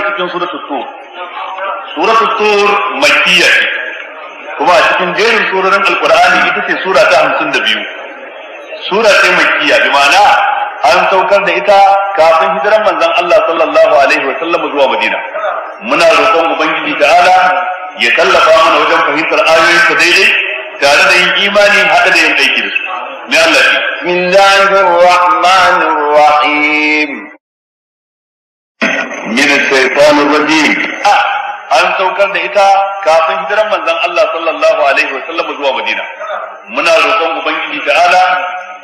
shiga cikin suratul tur suratul tur makkiya ce kuma a cikin jerin surorin alqur'ani ita ce sura ta 52 sura ce makkiya bi ma'ana an saukar da ita kafin hijiran manzon Allah sallallahu alaihi wa sallam zuwa Madina muna roƙon ubangiji ta'ala ya tallafa mana wajen fahimtar ayoyin ta daidai tare da yin imani haɗa da yin aiki da su ne Allah ya bismillahir rahmanir rahim min shaitan rajim an saukar da ita kafin hijiran manzon Allah sallallahu alaihi wa sallam zuwa Madina muna roƙon ubangiji ta'ala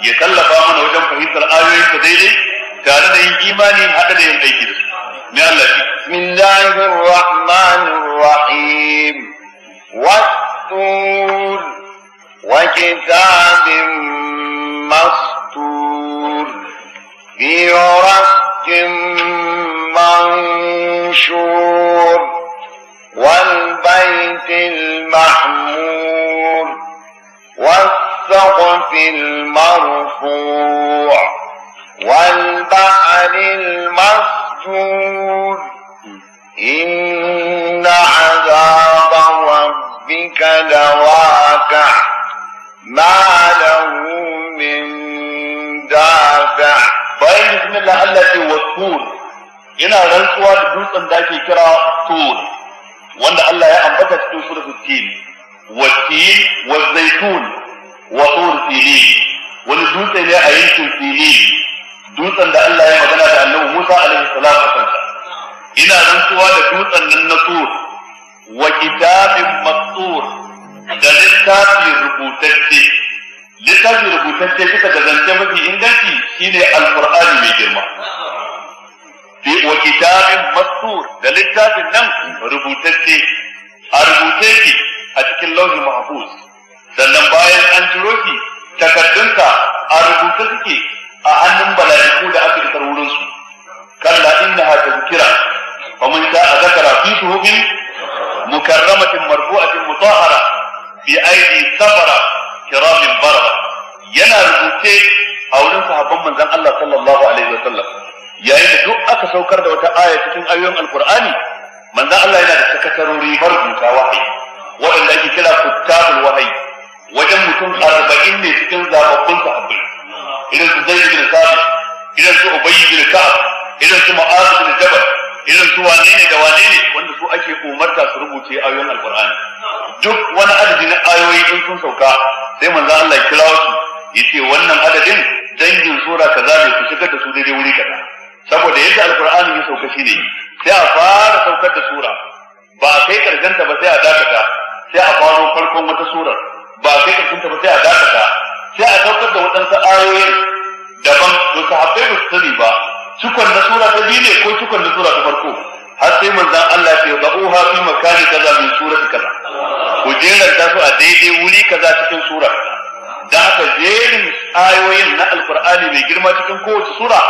ya tallafa mana wajen fahimtar ayoyin ta daidai tare da yin imani hada da yin aiki da su mai Allah bismillahir rahmanir rahim والطور وكتاب مسطور في رسل منشور والبيت المحمور والسقف المرفوع والبحر المسجور إن عذاب ربك لواقع yana rantsuwa da dutsen da ake kira tur wanda Allah ya ambata cikin suratul tin wa tin wa zaitun wa tur wani dutse ne a yankin sinin dutsen da Allah ya magana da Annabi Musa alaihi salam a kansa ina rantsuwa da dutsen nan na tur wa kitabin da littafi rubutacce littafi rubutacce kika da zance mafi inganci shine alqur'ani mai girma kitabin mastur da littafin nan rubutacce a rubuce shi a cikin lauhin mahfuz sannan bayan an ciro shi takardunsa a rubuce suke a hannun bala'iku da aka isar wurin su kalla innaha tazkira wa man sha'a zakara fi suhufin mukarramatin marfu'atin mutahhara bi aidi safara kiramin barra yana rubuce a wurin sahabban manzon Allah sallallahu alaihi wa sallam yayin da duk aka saukar da wata aya cikin ayoyin alqur'ani manzon Allah yana da sakatarori marubuta wahayi waɗanda ake kira kuttabul wahayi wajen mutum arba'in ne cikin zababbun sahabbai Idan su zai ibn sabit idan su ubayy ibn ka'ab idan su mu'az ibn jabal idan su wane ne da wane ne wanda su ake umarta su rubuce ayoyin alqur'ani duk wani adadi na ayoyi in sun sauka sai manzo Allah ya kira su yace wannan adadin dangin sura kaza ne su shigar da su daidai wuri kaza saboda yadda alkur'ani ya sauka shi ne sai a fara saukar da sura ba kai karshen ba sai a dakata sai a faro farkon wata surar ba kai karshen ba sai a dakata sai a saukar da waɗansu ayoyin daban to haɓe ba su sani ba cikon na sura ta biyu ne ko cikon na sura ta farko har sai manzon Allah ya ce ba'uha fi makani kaza min ta kaza ku ta su a daidai wuri kaza cikin sura da haka jerin ayoyin na alkur'ani mai girma cikin kowace sura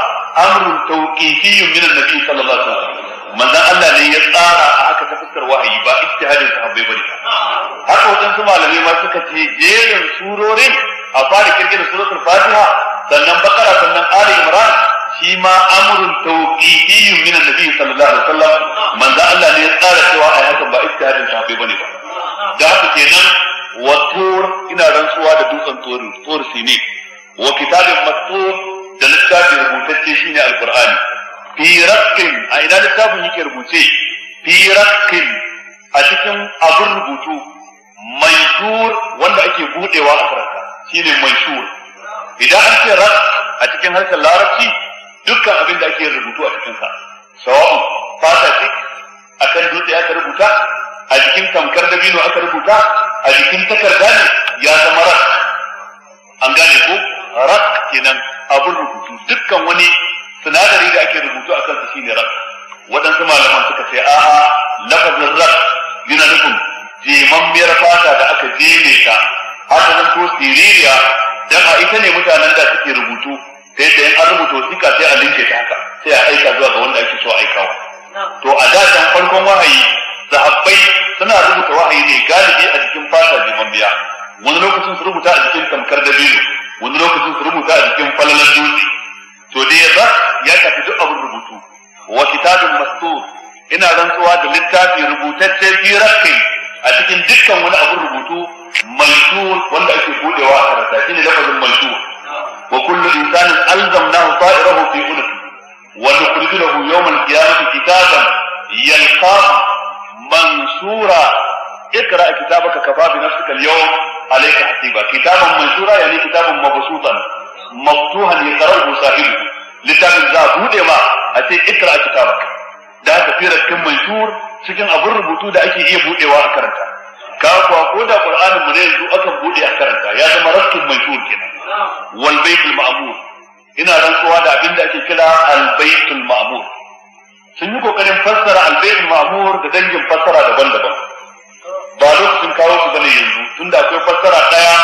amrun tawqifiyyun min annabi sallallahu alaihi wasallam manzon Allah ne ya tsara a haka ta fuskar wahayi ba ijtihadin sahabbai bane haka wajen su malamai ma suka ce jerin surorin a fara kirkira suratul fatiha sannan bakara sannan ali imran shi ma amrun tawqifiyyun min annabi sallallahu alaihi wasallam manzo Allah ne ya tsara cewa ai hakan ba ijtihadin sahabbai bane ba da haka kenan wa tur ina rantsuwa da dutsen tur tur sine wa kitabin mastur da littafin rubutacce shine alkur'ani fi raqin a ina littafin yake rubuce fi a cikin abin rubutu mansur wanda ake budewa a karanta shine mansur idan an ce rak a cikin harshen larabci dukkan abin da ake rubutu a cikin sa fata ce kan dutse aka rubuta a jikin tamkar dabino aka rubuta a jikin takarda ne ya zama rak an gane ko rak kenan abin rubutu dukkan wani sinadari da ake rubutu a kansa shine rak waɗansu malaman suka ce a lafazin rak yana nufin jimammiyar fata da aka jeme ta har ta siririya dan a ita ne mutanen da suke rubutu ta yadda in an rubuta wasiƙa sai a linke ta haka sai a aika zuwa ga wanda ake so aikawa to a da can farkon wahayi sahabbai suna rubuta wahayi ne galibi a cikin fata jimammiya wani lokacin su rubuta a cikin tamkar dabino wani lokacin su rubuta a bikin falalar dutse to dai ya ya tafi duk abin rubutu wa kitabin mastur ina rantsuwa da littafi rubutacce fi rakkin a cikin dukkan wani abin rubutu manshur wanda ake budewa a karanta shine lafazin manshur wa kullu insanin alzamnahu ta'irahu fi unuk wa nukhriju lahu yawm al-qiyamati kitaban yalqahu mansura اقرأ كتابك كفى بنفسك اليوم alayka hasiba kitaban mansura yani kitaban mabsutan maftuhan yaqra'uhu sahibi littafin za buɗe bude a ce ikra kitabak da haka fi rakkin mansur cikin abin rubutu da ake iya buɗewa a karanta ka kuwa ko da qur'anin mu ne yanzu aka buɗe a karanta ya zama raskin mansur kenan wal baitul ma'mur ina rantsuwa da abin da ake kira al baitul ma'mur sun yi kokarin fassara al baitul ma'mur da dangin fassara daban-daban ba lokacin kawo su bane yanzu tunda akwai fassara daya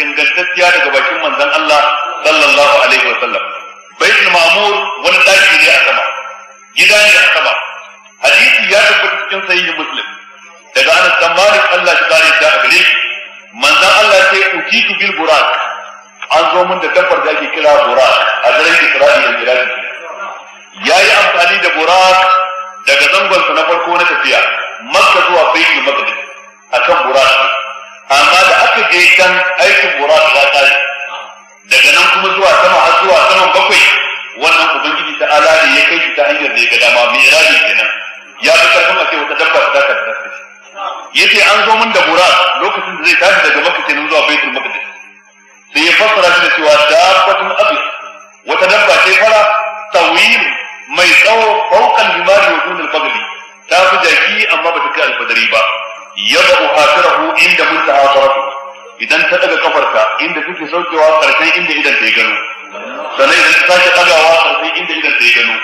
ingantacciya daga bakin manzon Allah sallallahu alaihi wa sallam baitul ma'mur wani daki ne a sama gida ne a sama hadisi ya tabbata cikin sahihi muslim daga Anas bin Malik Allah ya kare da a gare manzon Allah ya ce ukitu bil burak an zo mun da dabbar da ake kira burak a garin Isra'ila da Ya yi amfani da burak daga zangon sa na farko na tafiya Makka zuwa Baitul Maqdis akan burashi amma da aka je kan aikin burashi ya kare daga nan kuma zuwa sama har zuwa saman bakwai wannan ubangiji ta ala ne ya kai shi ta hanyar da ya ga dama mai irani kenan ya fi karfin a ce wata dabba ta kasa da shi ce an zo min da murat lokacin da zai tashi daga makka kenan zuwa baitul maqdis sai ya fassara shi da cewa dabbatun abi wata dabba ce fara tawil mai tsawo faukan himari wa dunal bagli ta fi jaki amma ba ta kai alfadari ba yadda ku inda muntaha tarafu idan ta daga kafarta inda kuke saukewa karshen inda idan ta yi gano sannan idan ta sake dagawa karshen inda idan ta yi gano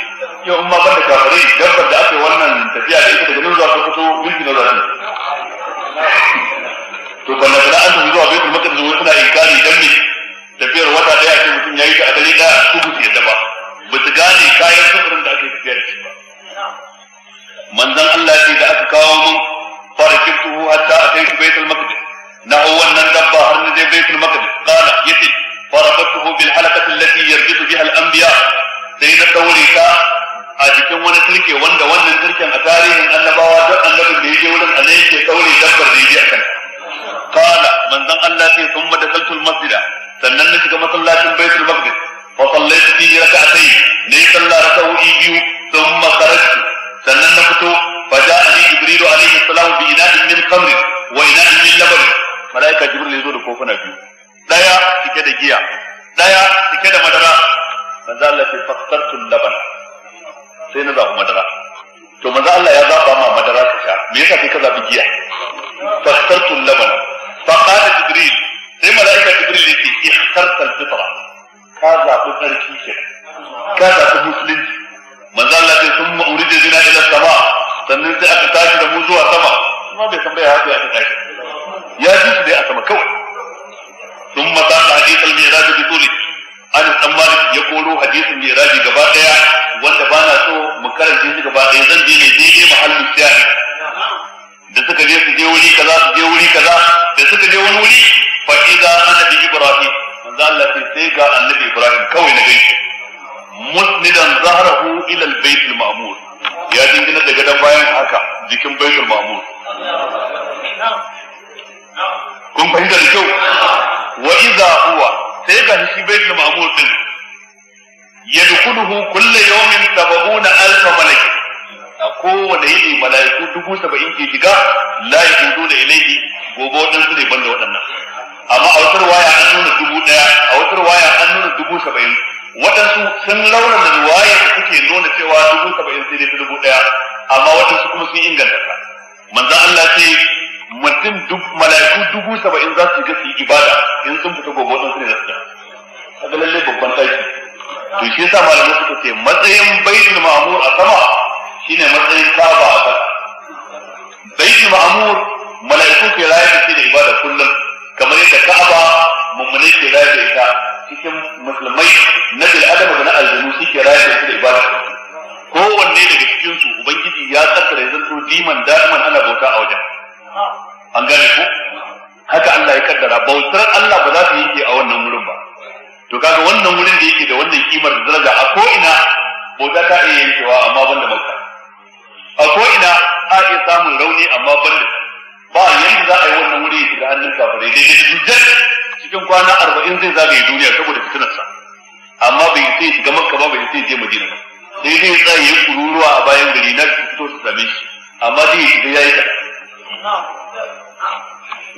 yau in ma ban da kafirai dabbar da aka yi wannan tafiya da ita daga nan zuwa ta fito mulki na zafi to ban da an tafi zuwa baitul maqdis wai suna inkari dan me tafiyar wata ɗaya ce mutum yayi ta a dare daya su ku yadda ba ba su gane kayan sufurin da ake tafiya da shi ba manzon Allah ce da aka kawo mun قال جبته حتى اتيت بيت المقدس نحونا الدبار نجي بيت المقدس قال يتي فربطته بالحلقة التي يربط بها الأنبياء سيدة توليكا أجيكم وانا تلكي وانا وانا تلكي أن أتاريهم أن بواد أن لبن بيجي ولن أليك تولي دبر بيجي أكل قال من ذن الله في ثم دخلت المسجد سننك كما صلى بيت المقدس فصليت فيه ركعتين نيت الله ركعه إيجيو ثم خرجت سننك تو فجاءني جبريل عليه السلام بإناء من خمر وإناء من لبن ملائكة جبريل يزور كوفنا بيو دايا تكيد جيا دايا تكيد مدرا manzo Allah ce faktartul laban sai na zaɓi madara to manzo Allah ya zaɓa ma madara ka sha me ka zaɓi giya laban ya koro hadisin miraji gaba daya wanda ba na so mu karanta shi gaba daya zan je ne daidai mahallin shahid da suka je su je wuri kaza su je wuri kaza da suka je wani wuri fa idza annabi ibrahim manzo Allah sai sai ga annabi ibrahim kawai na gaishe musnidan zahrahu ila albayt alma'mur ya dingina daga dan bayan haka jikin baitul ma'mur kun fahimta da kyau wa idza huwa sai ga shi baitul ma'mur din yadkhuluhu kullu yawmin 70000 malak a kowane yini malaiku dubu saba'in ke shiga la yaquduna ilayhi gobe waɗansu ne banda waɗannan amma a wutar waya an nuna dubu ɗaya a wutar waya an nuna dubu saba'in waɗansu sun launana riwaya da suke nuna cewa dubu saba'in sai dai dubu ɗaya amma waɗansu kuma sun inganta ta manzo Allah sai mutum duk mala'iku dubu saba'in za su ga su ibada in sun fita gobe waɗansu ne za su ga lalle babban ɗaki to shi yasa malamai suka ce matsayin baitul ma'mur a sama shine matsayin kaba a sama baitul ma'mur mala'iku ke raye da shi da ibada kullum kamar yadda ka'aba mummunai ke rayuwa da ita cikin musulmai na bil adama da na aljanu shi ke raye da shi da ibada kowanne daga cikin su ubangiji ya tsakare to diman da'iman ana bauta a wajen an gane ku? haka Allah ya kaddara bautar Allah ba za ta yi a wannan wurin ba to kaga wannan wurin da yake da wannan kimar da daraja a ko ina bauta ta iya yankewa amma banda makka a ko ina a iya samun rauni amma banda ba yanda za a yi wannan wuri ya hannun kafare da dai da cikin kwana arba'in zai zagaye duniya saboda fitinarsa amma bai sai shiga makka ba bai sai je madina ba sai zai tsaya ya kururuwa a bayan gari na fito su same shi amma dai ya shiga yayi ta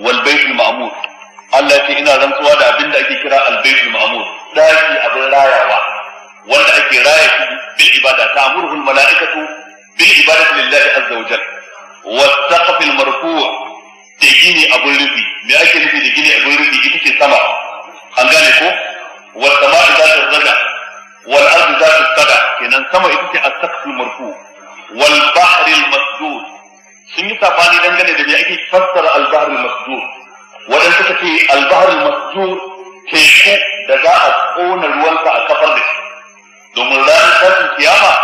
wal baitul ma'mur Allah ce ina rantsuwa da abin da ake kira albaitul ma'mur daki abin rayawa wanda ake raya shi bil ibada ta'muruhu al mala'ikatu bil ibadati lillahi azza wa jalla wa saqf al marfu' da gini abin rufi me ake nufi da gini abin rufi ita ce sama an gane ko wa sama'i zatu raja wal ardi zatu sada kenan sama ita ce as-saqf al marfu' wal bahr al masdud sun yi sabani dangane da me ake fassara al bahr al masdud waɗanda suka ce albahar masjur teku da za a ƙona ruwansa a kafar da shi domin ranar tashin kiyama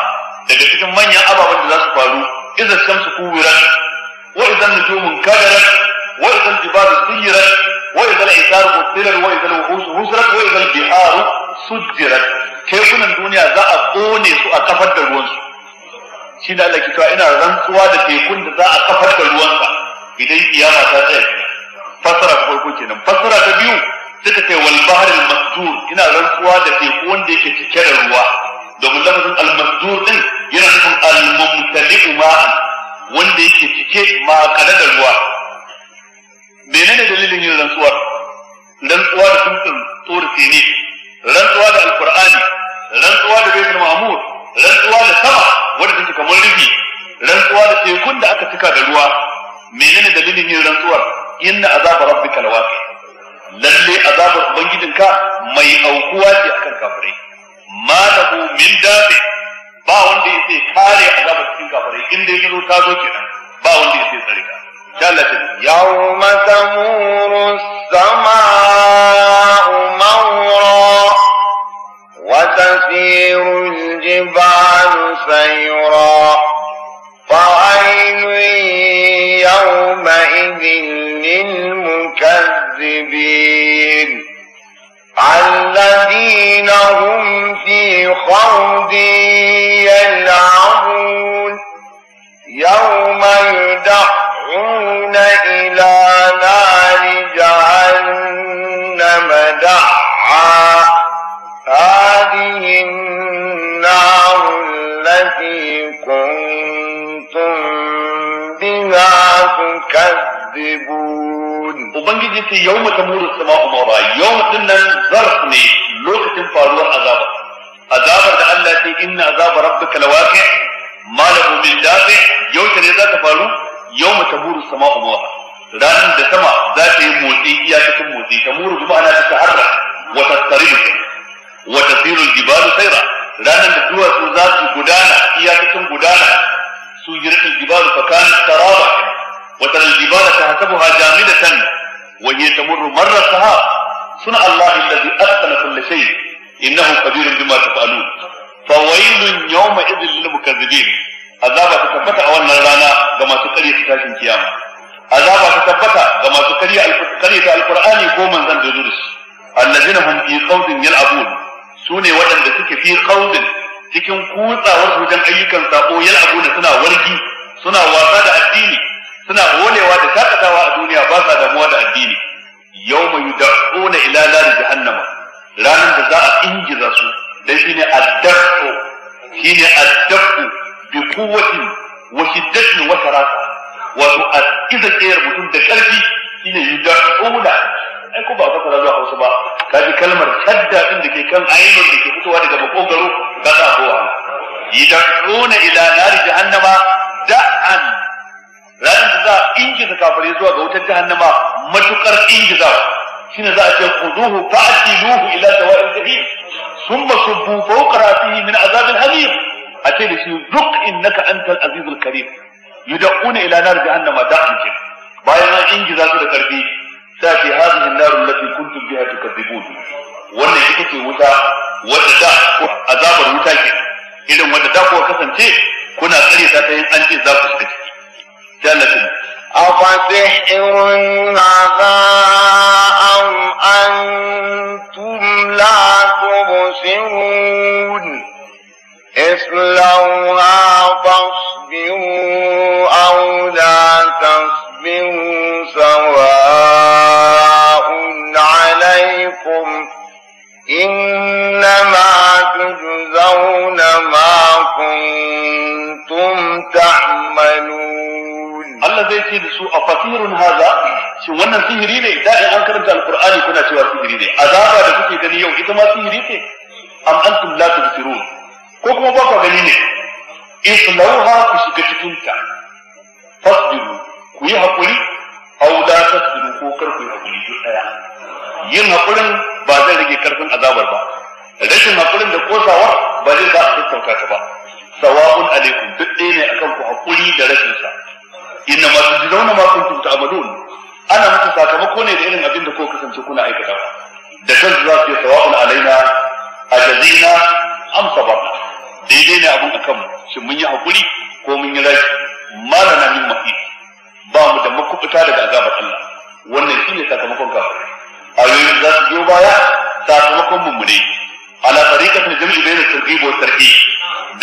daga cikin manyan ababen da za su faru iza shamsu kuwirat wa idan nujumun kadarat wa idan jibalu suyirat wa idan isar utilat wa idan wuhus husrat wa idan biharu sujjirat tekunan duniya za a ƙone su a kafar da ruwansu shi da Allah ke cewa ina rantsuwa da tekun da za a kafar da ruwansa idan kiyama ta tsaya fasara ko farko kenan fasara ta biyu suka ta wal bahr al masdur ina rantsuwa da teku wanda yake cike da ruwa domin lafazin al masdur din yana nufin al mumtali'u ma'an wanda yake cike ma kada da ruwa menene dalilin yin rantsuwar rantsuwa da tuntun tsorci ne rantsuwa da alqur'ani rantsuwa da bayan Mahmud, rantsuwa da sama wanda take kamar rufi rantsuwa da tekun da aka cika da ruwa menene dalilin yin rantsuwar inna azaba rabbika lawaqi lalle azabar ubangijinka mai aukuwa ce akan kafirai ma lahu min dafi ba wanda yake kare azabar cikin kafirai inda zo ta zo kenan ba wanda yake tsare ta جلت يوم تمور السماء مورا وتسير الجبال سيرا فعين يومئذ للمكذبين الذين هم في خوض يلعبون يوم يدعون إلى ubangiji ce yau mata muru sama'u maura yau din nan zarf ne lokacin faruwar azaba azabar da Allah ce inna azaba rabbika lawaqi ma lahu min dafi yau ta ne za ta faru yau mata muru sama'u maura ranar da sama za ta yi motsi iya cikin motsi ta muru bi ma'ana ta taharra wa tasrifu wa tasiru jibalu sayra ranar da duwatsu za su gudana iya cikin gudana su jirgin jibalu fakan taraba وترى الجبال تحسبها جامدة wa hiya tamurru marrataha suna Allah alladhi atqana kulli shay innahu qadirun bima taf'alun fa waylun yawma idhil lil mukazzibin azaba ta tabbata a wannan rana ga masu ƙarya ta tashin kiyama azaba ta tabbata ga masu ƙarya alƙarya ta alqur'ani ko manzon da zuwa shi allazina hum fi qawdin yal'abun sune waɗanda suke fi qawdin cikin kutsawar wajen ayyukan sako yal'abuna suna wargi suna wasa da addini suna wolewa da shakatawa a duniya ba sa damuwa da addini Yau yawma yud'una ila nar jahannama ranar da za a ingiza su dan shine addafu shine addafu bi quwwatin wa shiddatin wa tarasa wato a iza tsayar mutum da karfi yi yud'una ai ko ba ka fara zuwa Hausa ba ji kalmar shadda din da ke kan ayyukan da ke fitowa daga makogaro ka sa kowa Yi yud'una ila nar jahannama da'an ingiza kafirai zuwa ga wutar jahannama matukar ingiza shine za a ce khuduhu fa'tiluhu ila da sawa'il jahim su subbu fawqa rafihi min azabin hamim a ce da shi zuq innaka antal azizul karim yud'una ila nar jahannama an ce. bayan an ingiza su da karfi sai ce hadhihi an-nar allati kuntum biha tukadzibun wannan ita ce wuta wadda da azabar wuta ke irin wadda da kuka kasance kuna tsare ta yin an ce za ku shiga ciki sai Allah أفسحر هذا أم أنتم لا تبصرون اصلوها فاصبروا أو لا تصبروا سواء عليكم إنما تجزون ما كنتم تعملون Allah zai ce da su a fasirun haza shin wannan sihiri ne da in an karanta alqur'ani kuna cewa sihiri ne azaba da kuke gani yau ita ma sihiri ce am antum la tubsirun ko kuma ba ku gani ne islauha ku shiga cikin ta fasbiru ku yi hakuri aw la tasbiru ko kar ku yi hakuri duk daya yin hakurin ba zai rage karfin azabar ba rashin hakurin da kosawa ba zai ba a sassauta ta ba sawa'un alaikum duk ɗaya ne akan ku hakuri da rashin sa inna ma tujzauna ma kuntum ta'malun ana muku sakamako ne da irin abin da ko kasance kuna aikata. da kan zuwa ke yi sawa'un alaina ajazina am sabarna daidai ne abin akan shin mun yi hakuri ko mun yi rashi malana min mafi ba mu da makubuta daga azabar Allah wannan shine sakamakon kafirai ayoyin za su biyo baya sakamakon mummune ala tariqatin jami'i bayna targhib wa tarhib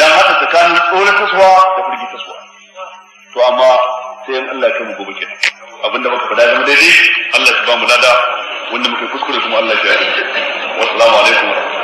dan haka tsakanin tsoratarwa da firgitarwa to amma Allah ya kai mu gobe kenan abinda muka faɗa zama daidai Allah ya ba mu lada wanda muka kuskure kuma Allah ya kai mu wassalamu alaikum wa rahmatullahi